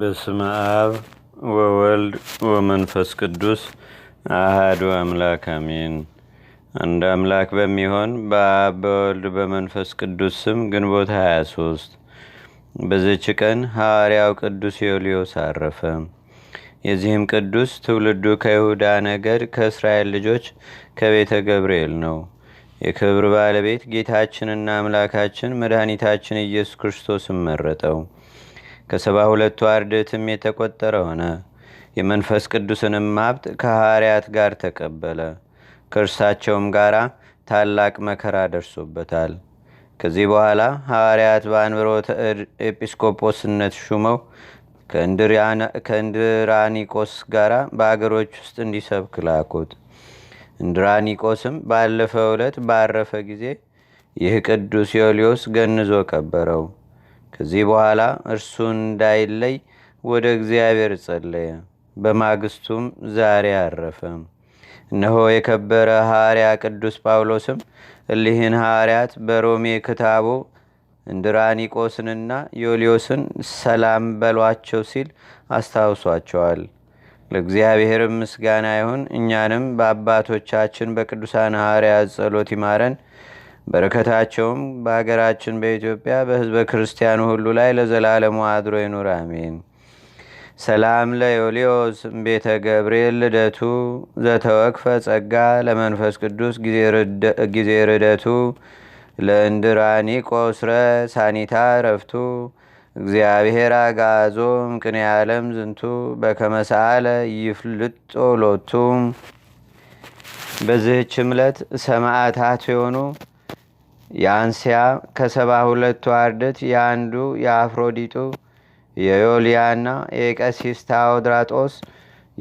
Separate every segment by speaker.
Speaker 1: በስመ አብ ወወልድ ወመንፈስ ቅዱስ አህዱ አምላክ አሜን። አንድ አምላክ በሚሆን በአብ በወልድ በመንፈስ ቅዱስ ስም ግንቦት 23 በዘች ቀን ሐዋርያው ቅዱስ ዮልዮስ አረፈ። የዚህም ቅዱስ ትውልዱ ከይሁዳ ነገድ ከእስራኤል ልጆች ከቤተ ገብርኤል ነው። የክብር ባለቤት ጌታችንና አምላካችን መድኃኒታችን ኢየሱስ ክርስቶስ መረጠው። ከሰባ ሁለቱ አርድትም የተቆጠረ ሆነ። የመንፈስ ቅዱስንም ሀብት ከሐርያት ጋር ተቀበለ። ከእርሳቸውም ጋር ታላቅ መከራ ደርሶበታል። ከዚህ በኋላ ሐዋርያት በአንብሮተ እድ ኤጲስቆጶስነት ሹመው ከእንድራኒቆስ ጋር በአገሮች ውስጥ እንዲሰብክ ላኩት። እንድራኒቆስም ባለፈው ዕለት ባረፈ ጊዜ ይህ ቅዱስ ዮልዮስ ገንዞ ቀበረው። ከዚህ በኋላ እርሱ እንዳይለይ ወደ እግዚአብሔር ጸለየ። በማግስቱም ዛሬ አረፈ። እነሆ የከበረ ሐዋርያ ቅዱስ ጳውሎስም እሊህን ሐዋርያት በሮሜ ክታቦ እንድራኒቆስንና ዮልዮስን ሰላም በሏቸው ሲል አስታውሷቸዋል። ለእግዚአብሔር ምስጋና ይሁን። እኛንም በአባቶቻችን በቅዱሳን ሐዋርያ ጸሎት ይማረን። በረከታቸውም በሀገራችን በኢትዮጵያ በህዝበ ክርስቲያኑ ሁሉ ላይ ለዘላለሙ አድሮ ይኑር፣ አሜን። ሰላም ለዮልዮስ ቤተ ገብርኤል ልደቱ ዘተወክፈ ጸጋ ለመንፈስ ቅዱስ ጊዜ ርደቱ ለእንድራኒቆስ ረ ሳኒታ ረፍቱ እግዚአብሔር አጋዞ ምቅን ያለም ዝንቱ በከመሰአለ ይፍልጦ ሎቱ። በዚህች ሰማዕታት የሆኑ የአንስያ ከሰባ ሁለቱ አርድት የአንዱ የአፍሮዲጡ የዮልያና የቀሲስ ታዎድራጦስ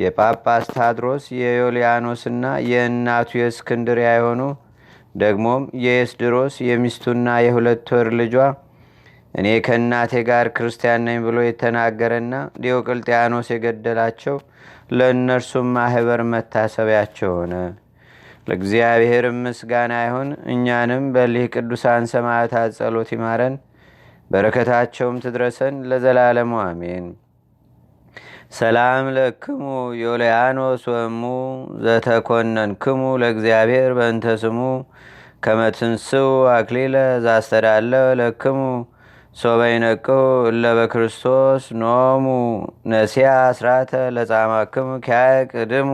Speaker 1: የጳጳስ ታድሮስ የዮልያኖስና የእናቱ የእስክንድሪያ የሆኑ ደግሞም የኤስድሮስ የሚስቱና የሁለት ወር ልጇ እኔ ከእናቴ ጋር ክርስቲያን ነኝ ብሎ የተናገረና ዲዮቅልጥያኖስ የገደላቸው ለእነርሱም ማህበር መታሰቢያቸው ሆነ። ለእግዚአብሔር ምስጋና ይሁን። እኛንም በሊህ ቅዱሳን ሰማዕታት ጸሎት ይማረን፣ በረከታቸውም ትድረሰን ለዘላለሙ አሜን። ሰላም ለክሙ ዮልያኖስ ወሙ ዘተኮነን ክሙ ለእግዚአብሔር በእንተ ስሙ ከመትንስው አክሊለ ዛስተዳለ ለክሙ ሶበይነቅሁ እለ በክርስቶስ ኖሙ ነሲያ አስራተ ለጻማክሙ ኪያቅ ድሙ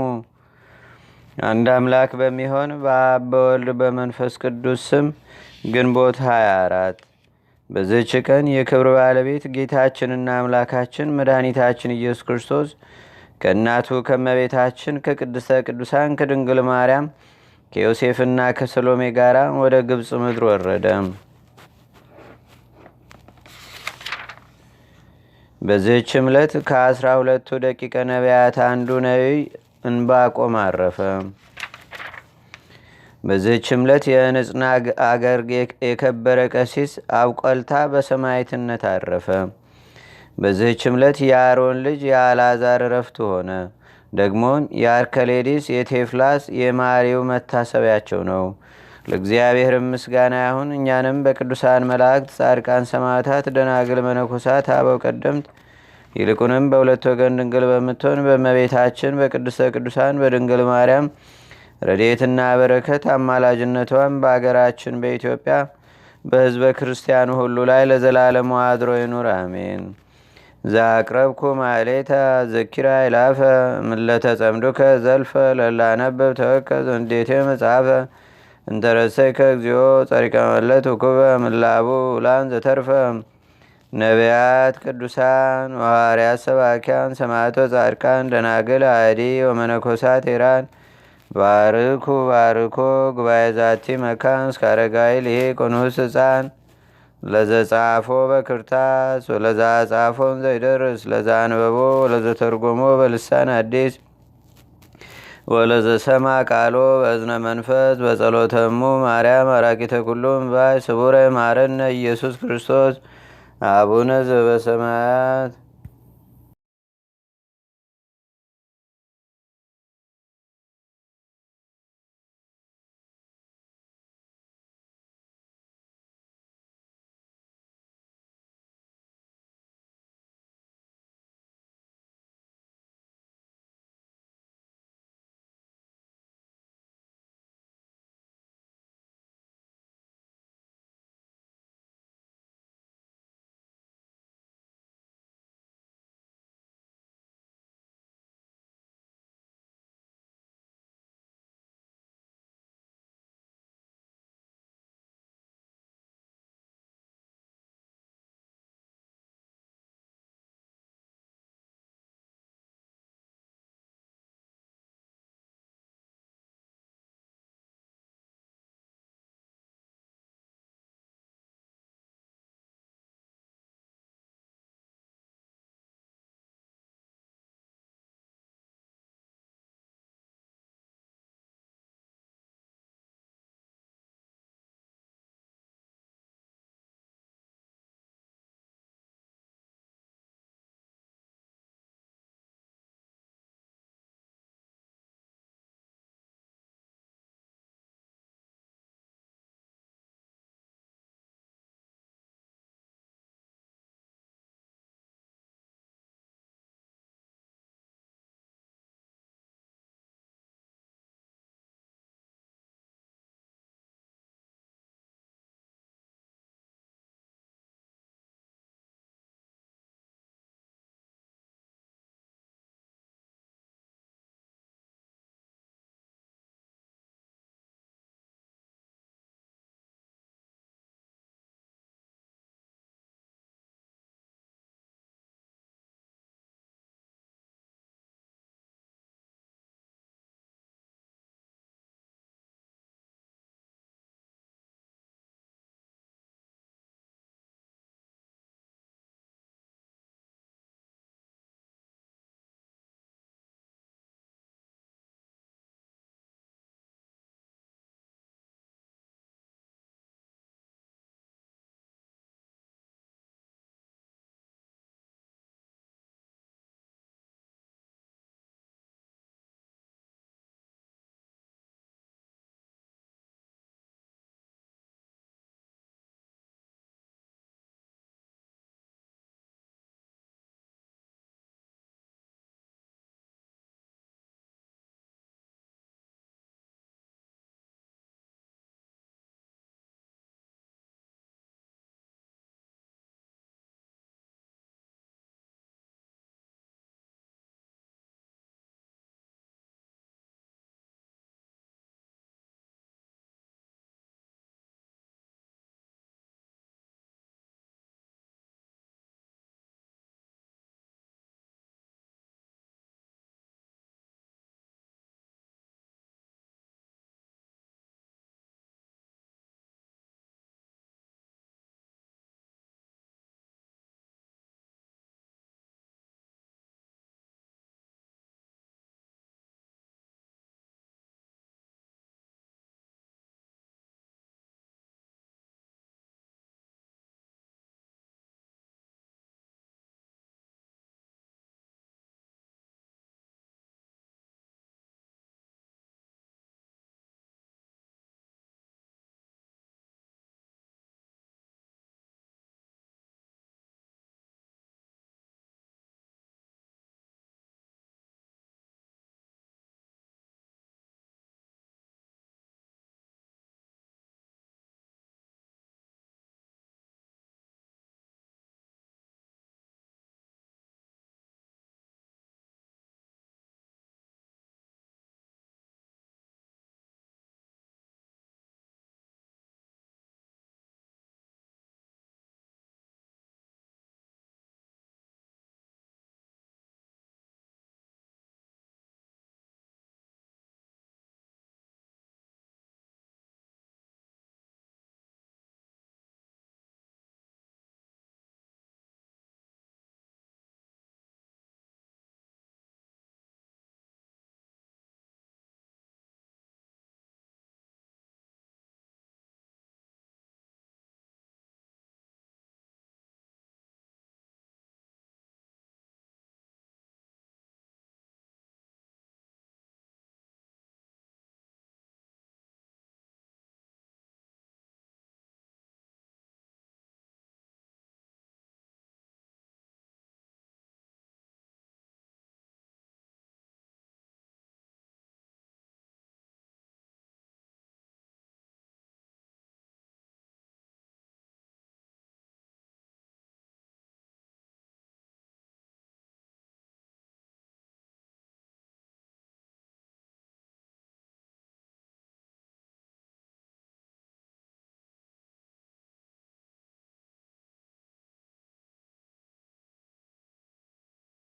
Speaker 1: አንድ አምላክ በሚሆን በአብ በወልድ በመንፈስ ቅዱስ ስም ግንቦት 24 በዝች ቀን የክብር ባለቤት ጌታችንና አምላካችን መድኃኒታችን ኢየሱስ ክርስቶስ ከእናቱ ከመቤታችን ከቅድስተ ቅዱሳን ከድንግል ማርያም ከዮሴፍና ከሰሎሜ ጋር ወደ ግብፅ ምድር ወረደ። በዚህች ከ ከአስራ ሁለቱ ደቂቀ ነቢያት አንዱ ነቢይ እንባቆም አረፈ። በዚህች ዕለት የንጽና አገር የከበረ ቀሲስ አብቆልታ በሰማይትነት አረፈ። በዚህች ዕለት የአሮን ልጅ የአልዛር እረፍት ሆነ። ደግሞም የአርከሌዲስ፣ የቴፍላስ፣ የማሪው መታሰቢያቸው ነው። ለእግዚአብሔር ምስጋና ያሁን እኛንም በቅዱሳን መላእክት፣ ጻድቃን፣ ሰማታት ደናግል፣ መነኮሳት፣ አበው ቀደምት ይልቁንም በሁለት ወገን ድንግል በምትሆን በመቤታችን በቅድስተ ቅዱሳን በድንግል ማርያም ረዴትና በረከት አማላጅነቷን በአገራችን በኢትዮጵያ በህዝበ ክርስቲያኑ ሁሉ ላይ ለዘላለሙ አድሮ ይኑር፣ አሜን። ዛቅረብኩ ማሌታ ዘኪራ ይላፈ ምለተ ጸምዱከ ዘልፈ ለላነበብ ተወከ ዘንዴቴ መጽሐፈ እንተረሰይከ እግዚኦ ጸሪቀ መለት ውኩበ ምላቡ ላን ዘተርፈም ነቢያት፣ ቅዱሳን፣ ሐዋርያት፣ ሰባኪያን፣ ሰማዕቶ፣ ጻድቃን፣ ደናግል፣ አዲ ወመነኮሳት ኢራን ባርኩ ባርኮ ጉባኤ ዛቲ መካን እስከ አረጋዊ ልሂቅ ህፃን ለዘጻፎ በክርታስ ወለዛ ጻፎን ዘይደርስ ለዛ አንበቦ ወለዘተርጎሞ በልሳን አዲስ ወለዘሰማ ቃሎ በእዝነ መንፈስ በጸሎተሙ ማርያም አራቂተ ኩሉ እምባይ ስቡረ ማረነ ኢየሱስ ክርስቶስ አቡነ ዘበሰማያት